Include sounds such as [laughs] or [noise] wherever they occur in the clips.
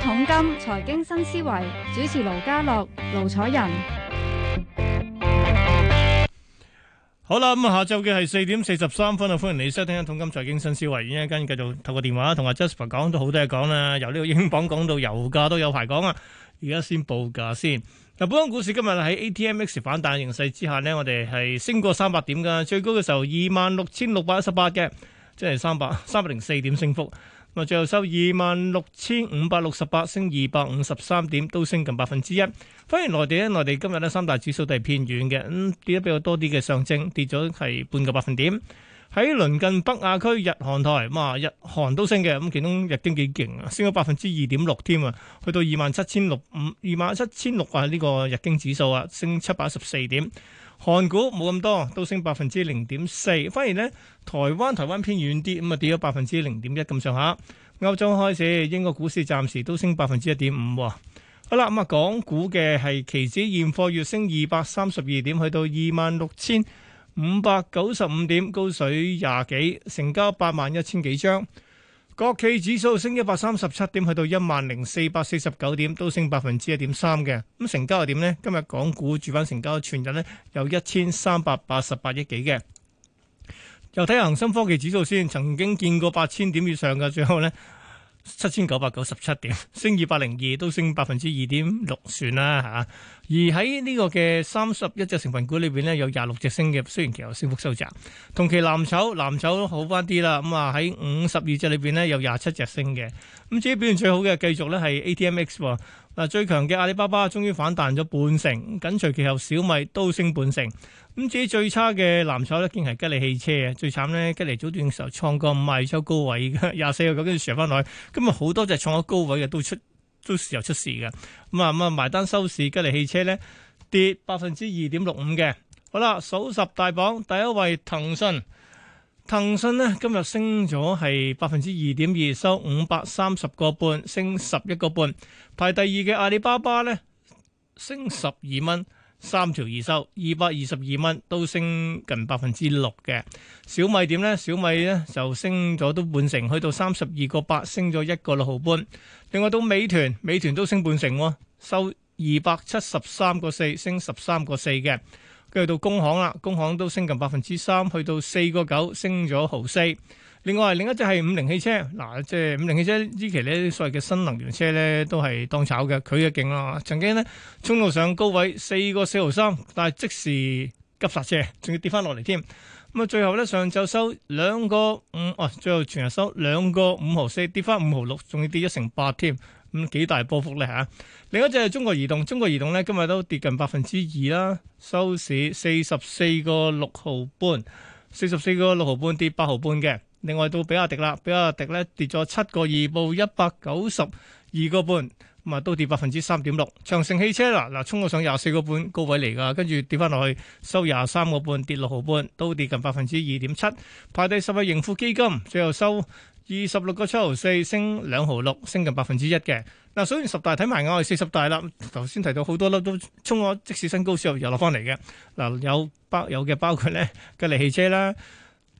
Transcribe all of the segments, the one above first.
統金財經新思維主持盧家樂、盧楚仁。好啦，咁下晝嘅係四點四十三分啊！歡迎你收聽《統金財經新思維》，一陣間繼續透過電話同阿 Jasper 講，都好多嘢講啦，由呢個英鎊講到油價都有排講啊！而家先報價先。嗱，本港股市今日喺 ATMX 反彈形勢之下呢，我哋係升過三百點噶，最高嘅時候二萬六千六百一十八嘅，即係三百三百零四點升幅。最後收二萬六千五百六十八，升二百五十三點，都升近百分之一。反而內地咧，內地今日呢，三大指數都係偏軟嘅，咁、嗯、跌得比較多啲嘅上證跌咗係半個百分點。喺鄰近北亞區，日韓台嘛，日韓都升嘅，咁其中日經幾勁啊，升咗百分之二點六添啊，去到二萬七千六五，二萬七千六啊呢個日經指數啊，升七百十四點。韓股冇咁多，都升百分之零點四，反而呢，台灣台灣偏遠啲，咁啊跌咗百分之零點一咁上下。歐洲開始，英國股市暫時都升百分之一點五。好啦，咁啊，港股嘅係期指現貨，月升二百三十二點，去到二萬六千五百九十五點，高水廿幾，成交八萬一千幾張。國企指數升一百三十七點，去到一萬零四百四十九點，都升百分之一點三嘅。咁成交又點呢？今日港股主板成交的全日咧有一千三百八十八億幾嘅。又睇下恒生科技指數先，曾經見過八千點以上嘅，最後咧。七千九百九十七點，升二百零二，都升百分之二點六算啦嚇。而喺呢個嘅三十一隻成分股裏邊咧，有廿六隻升嘅，雖然其實有升幅收窄。同期藍籌藍籌都好翻啲啦，咁啊喺五十二隻裏邊咧，有廿七隻升嘅，咁至於表現最好嘅繼續呢係 ATMX。嗱，最強嘅阿里巴巴終於反彈咗半成，緊隨其後小米都升半成。咁至於最差嘅藍籌咧，竟係吉利汽車嘅，最慘咧，吉利早段時候創過五萬收高位嘅，廿四個九跟住上翻落去，咁啊好多隻創咗高位嘅都出都時候出事嘅。咁啊咁啊，埋單收市，吉利汽車咧跌百分之二點六五嘅。好啦，數十大榜第一位騰訊。騰訊呢，今日升咗係百分之二點二，收五百三十個半，升十一個半。排第二嘅阿里巴巴呢，升十二蚊，三條二收二百二十二蚊，都升近百分之六嘅。小米點呢？小米呢就升咗都半成，去到三十二個八，升咗一個六毫半。另外到美團，美團都升半成，收二百七十三個四，升十三個四嘅。跟住到工行啦，工行都升近百分之三，去到四個九，升咗毫四。另外另一隻係五菱汽車，嗱，即係五菱汽車呢期咧啲所謂嘅新能源車咧都係當炒嘅，佢嘅勁啦，曾經咧衝到上高位四個四毫三，但係即時急剎車，仲要跌翻落嚟添。咁啊最後咧上晝收兩個五，嗯啊，最後全日收兩個五毫四，跌翻五毫六，仲要跌一成八添。咁幾大波幅咧吓？另一隻係中國移動，中國移動咧今日都跌近百分之二啦，收市四十四個六毫半，四十四個六毫半跌八毫半嘅。另外到比亞迪啦，比亞迪咧跌咗七個二，報一百九十二個半，咁啊都跌百分之三點六。長城汽車啦，嗱，衝到上廿四個半高位嚟㗎，跟住跌翻落去收廿三個半，跌六毫半，都跌近百分之二點七。排第十位盈富基金，最後收。二十六個七毫四升兩毫六，升近百分之一嘅。嗱，所以十大睇埋我係四十大啦。頭先提到好多粒都衝咗即市新高，又落翻嚟嘅。嗱，有包有嘅包括咧，吉利汽車啦，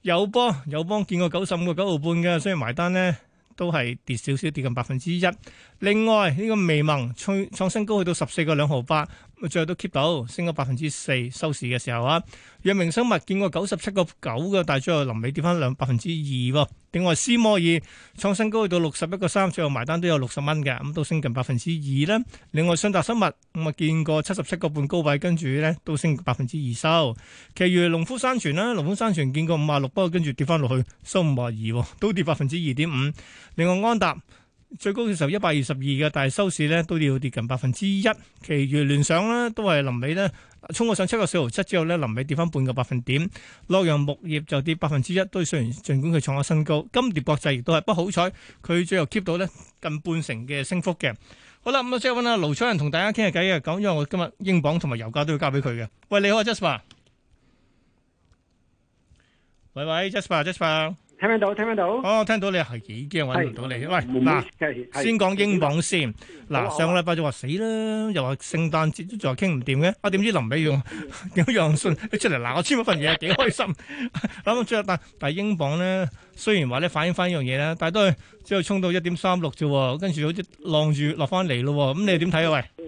友邦，友邦見過九十五個九毫半嘅，所以埋單咧都係跌少少，跌近百分之一。另外呢個微盟創，創新高去到十四個兩毫八。最後都 keep 到，升咗百分之四收市嘅時候啊，藥明生物見過九十七個九嘅，但最後臨尾跌翻兩百分之二喎。另外思摩爾創新高去到六十一個三，最後埋單都有六十蚊嘅，咁都升近百分之二咧。另外信達生物咁啊，見過七十七個半高位，跟住咧都升百分之二收。其餘農夫山泉啦，農夫山泉見過五啊六，不過跟住跌翻落去收五啊二，都跌百分之二點五。另外安踏。最高嘅時候一百二十二嘅，但係收市咧都要跌近百分之一。其餘聯想咧都係臨尾咧衝過上七個四毫七之後咧，臨尾跌翻半個百分點。洛陽木業就跌百分之一，都雖然盡管佢創下新高。金蝶國際亦都係，不過好彩佢最後 keep 到咧近半成嘅升幅嘅。好啦，咁啊，即係揾阿盧楚仁同大家傾下偈啊，講因為我今日英鎊同埋油價都要交俾佢嘅。喂，你好，Jasper。喂喂，Jasper，Jasper。聽唔聽到？聽唔聽到？哦，聽到你係已經搵唔到你。喂，嗱，先講英鎊先。嗱，上個禮拜就話死啦，又話聖誕節都仲係傾唔掂嘅。啊，點、啊、知林美蓉、樣信你出嚟，嗱， [laughs] 我簽咗份嘢，幾開心。諗諗住但但係英鎊咧，雖然話咧反映翻一樣嘢咧，但係都係只係衝到一點三六啫，跟住好似浪住落翻嚟咯。咁你又點睇啊？喂？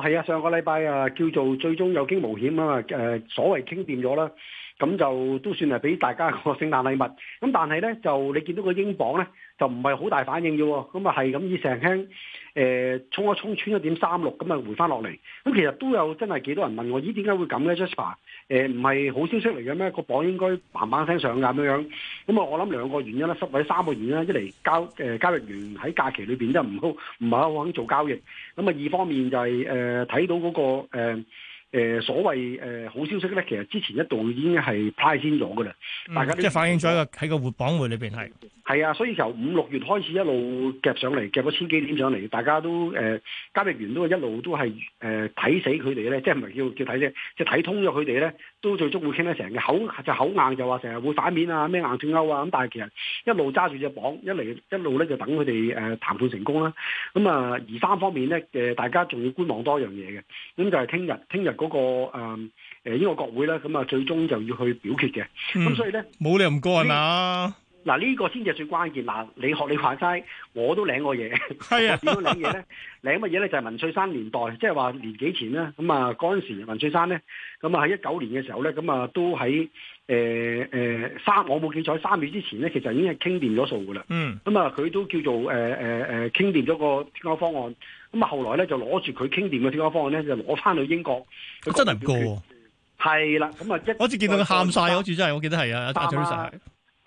係啊，上個禮拜啊，叫做最終有驚無險啊嘛，誒、呃、所謂傾掂咗啦，咁就都算係俾大家個聖誕禮物。咁但係咧，就你見到個英鎊咧，就唔係好大反應嘅喎，咁啊係咁，以成輕誒衝一衝穿咗點三六，咁啊回翻落嚟。咁其實都有真係幾多人問我，咦，點解會咁咧，Jasper？誒唔係好消息嚟嘅咩？個鎊應該砰砰聲上㗎咁樣。咁、嗯、啊，我諗兩個原因啦，或者三個原因。一嚟交誒、呃、交易員喺假期裏邊都係唔好，唔係好肯做交易。咁、嗯、啊，二方面就係誒睇到嗰、那個誒、呃呃、所謂誒、呃呃呃、好消息咧，其實之前一度已經係派先咗㗎啦。大家、嗯、即係反映咗個喺個活榜會裏邊係。係啊，所以由五六月開始一路夾上嚟，夾咗千幾點上嚟，大家都誒交易員都一路都係誒睇死佢哋咧，即係唔係叫叫睇啫，即係睇通咗佢哋咧，都最終會傾得成嘅口就口硬就話，就話成日會反面啊，咩硬斷勾啊，咁但係其實一路揸住隻鎊，一嚟一,一路咧就等佢哋誒談判成功啦。咁啊，而三方面咧誒，大家仲要觀望多樣嘢嘅。咁就係聽日，聽日嗰個誒誒英國國會咧，咁啊最終就要去表決嘅。咁、嗯、所以咧，冇理由唔過㗎嘛。嗱、啊、呢、這個先至係最關鍵，嗱、啊、你學你話齋，我都領過嘢，啊，點樣領嘢咧？領乜嘢咧？就係、是、文翠山年代，即係話年幾前啦。咁啊嗰陣時，文翠山咧，咁啊喺一九年嘅時候咧，咁啊都喺誒誒三，我冇記錯，三月之前咧，其實已經係傾掂咗數噶啦。嗯、啊，咁啊佢都叫做誒誒誒傾掂咗個協調方案。咁啊後來咧就攞住佢傾掂嘅協調方案咧，就攞翻去英國，佢、啊、真係唔過、啊嗯。係啦，咁啊一，我、啊、好似見到佢喊晒，嗰陣，真係我記得係啊，打住啲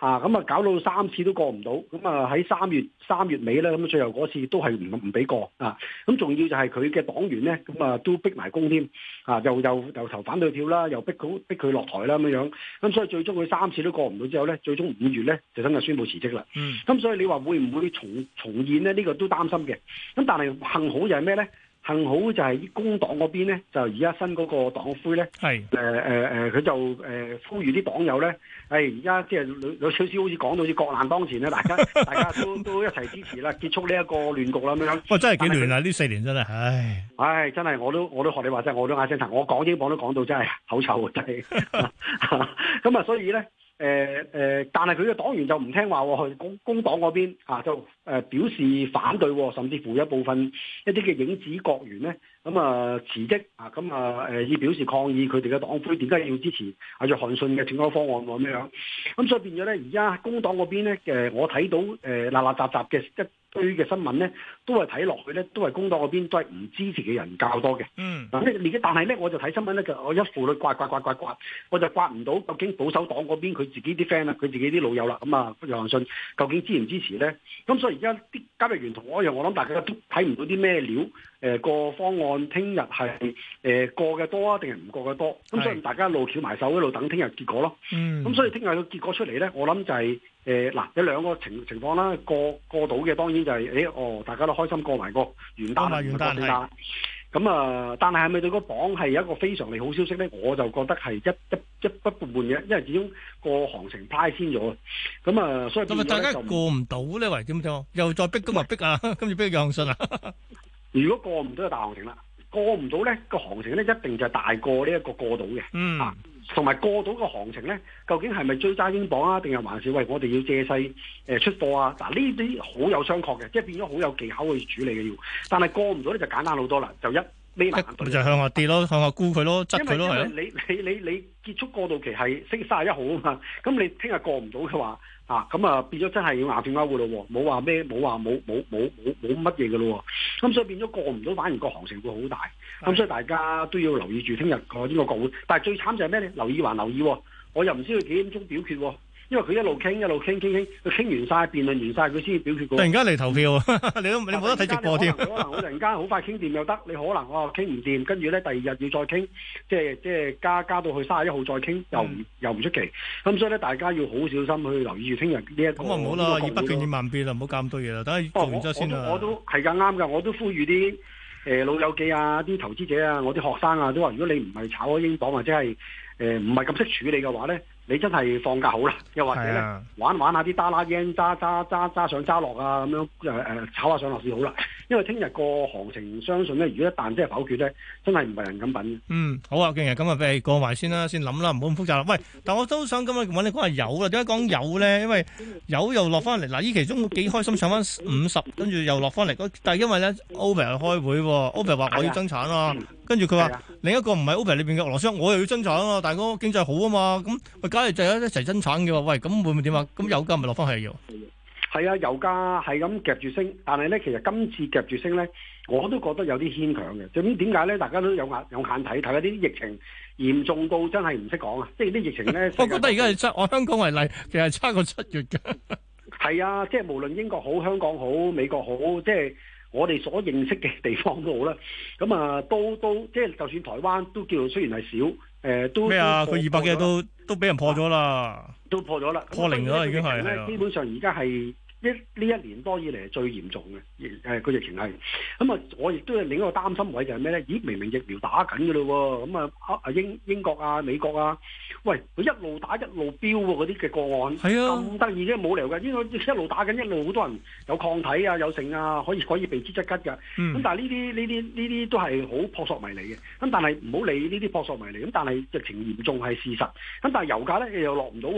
啊，咁啊搞到三次都過唔到，咁啊喺三月三月尾咧，咁最後嗰次都係唔唔俾過啊，咁仲要就係佢嘅黨員咧，咁啊都逼埋工添，啊，啊又又又投反對票啦，又逼佢逼佢落台啦咁樣，咁、啊、所以最終佢三次都過唔到之後咧，最終五月咧就等係宣布辭職啦。嗯，咁、啊、所以你話會唔會重重現咧？呢、呢個都擔心嘅。咁但係幸好又係咩咧？幸好就係工黨嗰邊咧，就而家新嗰個黨魁咧，誒誒誒，佢就誒呼籲啲黨友咧，誒而家即係有有少少好似講到啲國難當前咧，大家大家都都一齊支持啦，結束呢一個亂局啦咁樣。哇！真係幾亂啊！呢四年真係，唉唉，真係我都我都學你話齋，我都嗌聲，我講英鎊都講到真係口臭，真係。咁啊，所以咧。誒、呃、誒，但係佢嘅黨員就唔聽話喎，去工工黨嗰邊啊，就誒表示反對，甚至乎一部分一啲嘅影子閣員咧，咁、呃、啊辭職啊，咁啊誒，以表示抗議佢哋嘅黨魁點解要支持阿、啊、約翰遜嘅選舉方案喎，咁樣？咁、嗯、所以變咗咧，而家工黨嗰邊咧，誒我睇到誒垃垃雜雜嘅一。呃納納納納納納的堆、嗯、嘅新聞咧，都係睇落去咧，都係工黨嗰邊都係唔支持嘅人較多嘅。嗯，咁你而家但係咧，我就睇新聞咧，就我一附佢刮刮刮刮刮，我就刮唔到究竟保守黨嗰邊佢自己啲 friend 啊，佢自己啲老友啦，咁啊楊恆信究竟支唔支持咧？咁所以而家啲交易員同我一樣，我諗大家都睇唔到啲咩料。誒個方案聽日係誒過嘅多啊，定係唔過嘅多？咁所以大家一路翹埋手一路等聽日結果咯。咁、嗯、所以聽日個結果出嚟咧，我諗就係、是。誒、呃，嗱，有兩個情情況啦，過過到嘅當然就係、是，誒、欸，哦，大家都開心過埋個元旦，元旦，咁啊，但係係咪對個鎊係一個非常利好消息咧？我就覺得係一一一不半嘅，因為始終個行情派先咗，咁、嗯、啊，所以大家過過唔到咧，為點聽？又再逼今日逼啊，今住逼陽信啊！ [laughs] 如果過唔到就大行情啦，過唔到咧個行情咧一定就大過呢一個過到嘅，嗯。同埋過到個行情咧，究竟係咪追揸英鎊啊，定係還是喂我哋要借勢、呃、出貨啊？嗱，呢啲好有商榷嘅，即係變咗好有技巧去處理嘅要。但係過唔到咧就簡單好多啦，就一。你就向下跌咯，向下沽佢咯，執佢咯，係。你你你你結束過渡期係三十一號啊嘛，咁你聽日過唔到嘅話啊，咁啊變咗真係要硬脫歐噶咯，冇話咩，冇話冇冇冇冇冇乜嘢噶咯，咁所以變咗過唔到，反而個行情會好大，咁所以大家都要留意住聽日過呢個國會，但係最慘就係咩咧？留意還留意，我又唔知佢幾點鐘表決。因為佢一路傾，一路傾，傾傾佢傾完晒，辯論完晒。佢先至表決過，突然間嚟投票，哈哈，你都你冇得睇直播添。 [laughs] 可能我突然間好快傾掂又得，你可能啊傾唔掂，跟住咧第二日要再傾，即係即係加加到去卅一號再傾，又唔、嗯、又唔出奇。咁、嗯、所以咧，大家要好小心去留意住聽日呢一個。咁啊，唔好啦，以不變應萬變啊，唔好咁多嘢啦，等下完咗先，我都係咁啱㗎，我都呼籲啲誒、呃、老友記啊，啲投資者啊，我啲學生啊，都話：如果你唔係炒開英鎊、啊、或者係誒唔係咁識處理嘅話咧。你真係放假好啦，又或者咧玩玩下啲打拉煙揸揸揸揸上揸落啊咁樣誒誒炒下上落市好啦，因為聽日個行情相信咧，如果一旦即係否決咧，真係唔係人敢品。嗯，好啊，今日咁啊，俾你過埋先啦，先諗啦，唔好咁複雜啦。喂，但我都想今日揾你講下油啦。點解講油咧？因為油又落翻嚟嗱，呢期中幾開心上翻五十，跟住又落翻嚟。但係因為咧，OPEC 開會，OPEC、啊、話、哎、我要增產啊，哎嗯、跟住佢話另一個唔係 OPEC 裏邊嘅俄羅斯，我又要增產啊，大哥經濟好啊嘛，咁。梗係就一一齊生產嘅喎，喂，咁會唔會點啊？咁油價咪落翻去要？係啊，油價係咁夾住升，但係咧，其實今次夾住升咧，我都覺得有啲牽強嘅。咁點解咧？大家都有眼有眼睇，睇下啲疫情嚴重到真係唔識講啊！即係啲疫情咧， [laughs] 我覺得而家以我香港為例，其實差過七月㗎。係啊，即係無論英國好、香港好、美國好，即係。我哋所認識嘅地方都好啦，咁啊都都即係就算台灣都叫做雖然係少，誒都咩啊？佢二百幾日都都俾人破咗啦，都破咗啦，啊，破零咗啦已經係基本上而家係。呢一年多以嚟係最嚴重嘅，誒個疫情係咁啊！我亦都係另一個擔心位就係咩咧？咦，明明疫苗打緊嘅咯喎，咁啊啊英英國啊美國啊，喂，佢一路打一路飆喎嗰啲嘅個案，係啊，咁得意嘅冇理由嘅，應該一路打緊一路好多人有抗體啊有剩啊，可以可以避之則吉㗎，咁、嗯嗯、但係呢啲呢啲呢啲都係好撲朔迷離嘅，咁但係唔好理呢啲撲朔迷離，咁但係疫情嚴重係事實，咁但係油價咧又落唔到，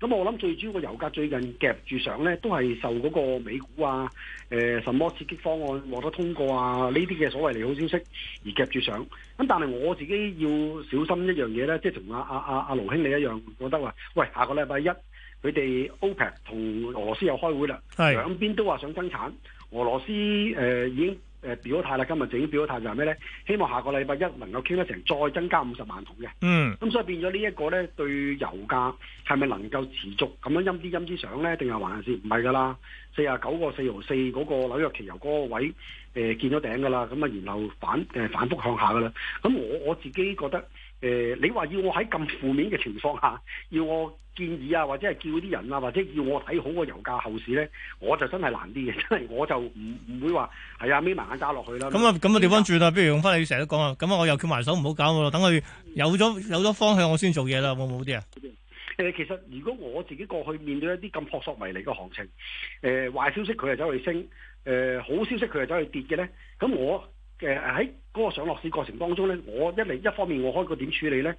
咁我諗最主要個油價最近夾住上咧都係。就嗰個美股啊，誒什麼刺激方案獲得通過啊，呢啲嘅所謂利好消息而夾住上，咁但係我自己要小心一樣嘢咧，即係同阿阿阿阿盧兄你一樣，覺得話，喂，下個禮拜一佢哋 OPEC 同俄羅斯又開會啦，兩邊都話想增產，俄羅斯誒、呃、已經。呃、表咗態啦，今日終於表咗態就係咩呢？希望下個禮拜一能夠傾得成，再增加五十萬桶嘅。Mm. 嗯，咁所以變咗呢一個呢，對油價係咪能夠持續咁樣陰啲陰啲上呢，定係還是唔係㗎啦？四啊九個四毫四嗰個紐約期油嗰個位誒、呃、見咗頂㗎啦，咁、嗯、啊然後反、呃、反覆向下㗎啦。咁我我自己覺得。誒、呃，你話要我喺咁負面嘅情況下，要我建議啊，或者係叫啲人啊，或者要我睇好個油價後市咧，我就真係難啲嘅，真係我就唔唔會話係啊，眯埋眼揸落去啦。咁、嗯、啊，咁啊，調、嗯、翻轉啦、嗯，不如用翻你成日都講啊，咁啊，我又叫埋手唔好搞我咯，等佢有咗有咗方向，我先做嘢啦，好唔好啲啊？誒，其實如果我自己過去面對一啲咁撲朔迷離嘅行情，誒、呃、壞消息佢係走去升，誒、呃、好消息佢係走去跌嘅咧，咁、呃、我。誒，喺嗰個上落市過程當中呢，我一嚟一方面我可以點處理呢？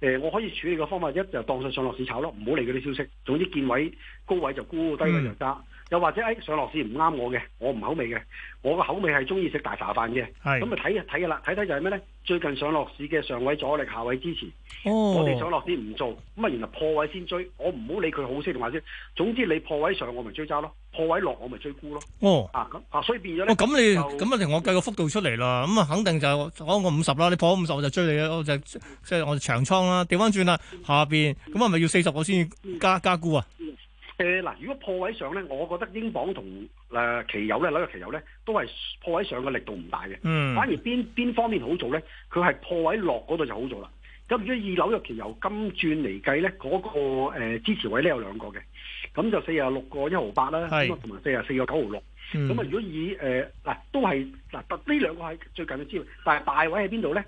誒，我可以處理嘅方法，一就當上上落市炒咯，唔好理嗰啲消息。總之見位，高位就沽，低位就揸。嗯又或者誒、哎、上落市唔啱我嘅，我唔口味嘅，我個口味係中意食大茶飯嘅。係咁啊，睇啊睇嘅啦，睇睇就係咩咧？最近上落市嘅上位阻力，下位支持。哦，我哋上落市唔做，咁啊，然後破位先追。我唔好理佢好先定壞先。總之你破位上，我咪追揸咯；破位落，我咪追沽咯。哦，啊咁啊，所以變咗咁、哦、你咁啊，同我計個幅度出嚟啦。咁啊，肯定就係、我五十啦。你破五十，我就追你，我就即、係、係我長倉啦。掉翻轉啦，下邊咁啊，咪要四十我先加加沽啊？誒、呃、嗱，如果破位上咧，我覺得英鎊同誒期油咧，紐約期油咧，都係破位上嘅力度唔大嘅。嗯。反而邊邊方面好做咧，佢係破位落嗰度就好做啦。咁如果以紐約期油金轉嚟計咧，嗰、那個誒、呃、支持位咧有兩個嘅，咁就四十六個一毫八啦，同埋四十四個九毫六。咁、嗯、啊，如果以誒嗱、呃、都係嗱突呢兩個係最近嘅資料，但係大位喺邊度咧？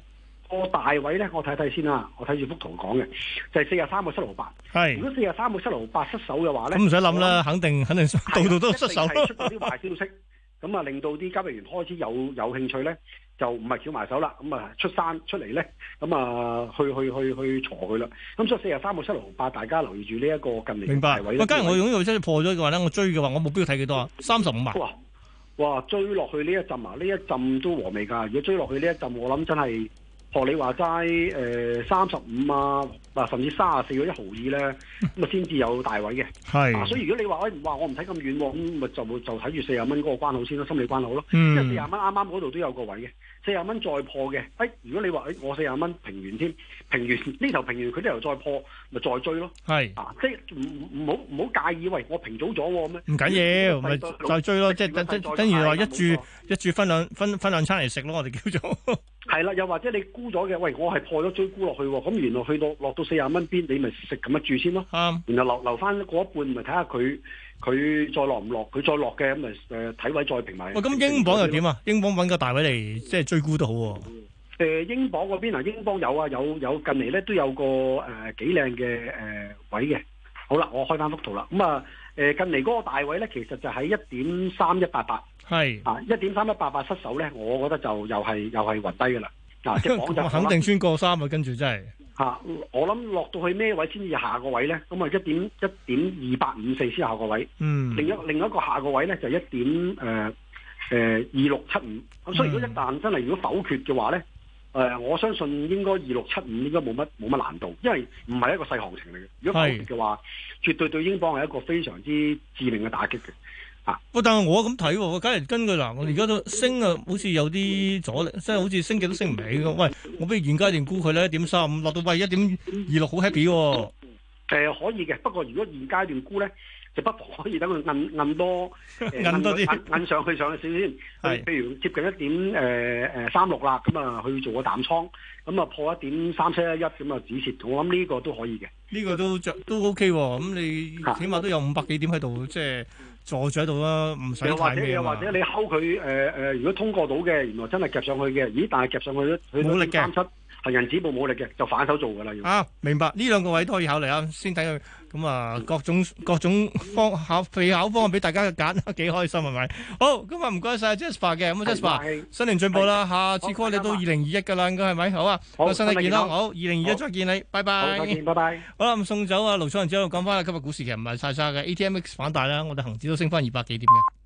嗰個大位咧，我睇睇先啦。我睇住幅圖講嘅，就係四廿三個七六八。係如果四廿三個七六八失守嘅話咧，咁唔使諗啦，肯定肯定度度都失守。出嗰啲壞消息，咁 [laughs] 啊令到啲交易員開始有有興趣咧，就唔係翹埋手啦。咁啊出山出嚟咧，咁啊去去去去鋤佢啦。咁所以四廿三個七六八，大家留意住呢一個近來嘅大位。明白。喂、就係，假如我如果真係破咗嘅話咧，我追嘅話，我目標睇幾多啊？三十五萬。哇哇，追落去呢一浸啊！呢一浸都和味噶。如果追落去呢一浸，我諗真係。學你話齋，誒三十五啊，嗱甚至三啊四嗰一毫二咧，咁啊先至有大位嘅。係、 [laughs] 啊，所以如果你話，哎，哇、哦，我唔睇咁遠喎，咁咪就冇就睇住四啊蚊嗰個關口先咯，心理關口咯。嗯。因為四啊蚊啱啱嗰度都有個位嘅，四啊蚊再破嘅，哎，如果你話，哎，我四啊蚊平完添，平完呢頭平完，佢呢又再破，咪再追咯。係。啊，即係唔唔好唔好介意，喂，我平早咗咩？哦？唔緊要，咪再追咯，即係等等等，原來一注一注分兩分分兩餐嚟食咯，我哋叫做。 [laughs] 係啦，又或者你沽咗嘅，喂，我係破咗追沽落去，咁原來去到落到四十蚊邊，你咪食咁樣住先咯。啱、um,，然後留留翻一半睇下佢，咪睇下佢佢再落唔落，佢再落嘅咁咪誒睇位再平埋。喂，咁英鎊又點啊？英鎊揾個大位嚟即係追沽都好、啊。誒、嗯呃，英鎊嗰邊啊，英鎊有啊，有有近嚟咧都有個誒幾靚嘅誒位嘅。好啦，我開翻幅圖啦，咁、嗯、啊。呃誒近嚟嗰個大位咧，其實就喺一點三一八八，係啊，一點三一八八失守咧，我覺得就又係又係雲低㗎喇，嗱、啊，即係講就，是、就 [laughs] 我肯定穿過三啊，跟住真係嚇、啊，我諗落到去咩位先至下個位咧？咁啊，一點一點二八五四先下個位，嗯，另一另一個下個位咧就一、是、點誒誒二六七五，咁、呃呃啊、所以如果一旦真係如果否決嘅話咧。誒、呃，我相信應該二六七五應該冇乜冇乜難度，因為唔係一個細行情嚟嘅。如果係嘅話，絕對對英鎊係一個非常之致命嘅打擊嘅。嚇！喂，但係我咁睇喎，我今日根據嗱，我而家都升啊，好似有啲阻力，嗯、即係好似升極都升唔起嘅。喂，我不如現階段沽佢咧，一點三五落到喂一點二六好 happy 喎、哦嗯呃。可以嘅，不過如果現階段沽咧。就不可以等佢摁摁多多啲，摁、呃、上去上少少先。係， [laughs] 譬如接近一點誒誒三六啦，咁、嗯、啊去做個淡倉，咁、嗯、啊破一點三七一一咁啊止蝕。我諗呢個，這個都可以嘅，呢個都著都 OK 喎、哦。咁你起碼都有五百幾點喺度，即、就、係、是、坐住喺度啦，唔使睇咩。又或者又或者你敲佢誒誒，如果通過到嘅，原來真係夾上去嘅，咦？但係夾上去佢冇力嘅。恒指冇力嘅，就反手做噶啦。啊，明白呢兩個位都可以考慮啊，先睇佢。咁、嗯、啊，各種各種方考考備考方案俾大家嘅揀，幾開心係咪？好，咁啊，唔該晒 Jasper 嘅，咁 Jasper，新年進步啦，下次 call 你到二零二一噶啦，應該係咪？好啊，好，身體健康，好，二零二一再見你，拜拜。拜拜。好啦，咁送走啊盧楚仁之後，講翻今日的股市其實，唔係晒晒嘅，ATMX 反彈啦，我哋恒指都升翻二百幾點嘅。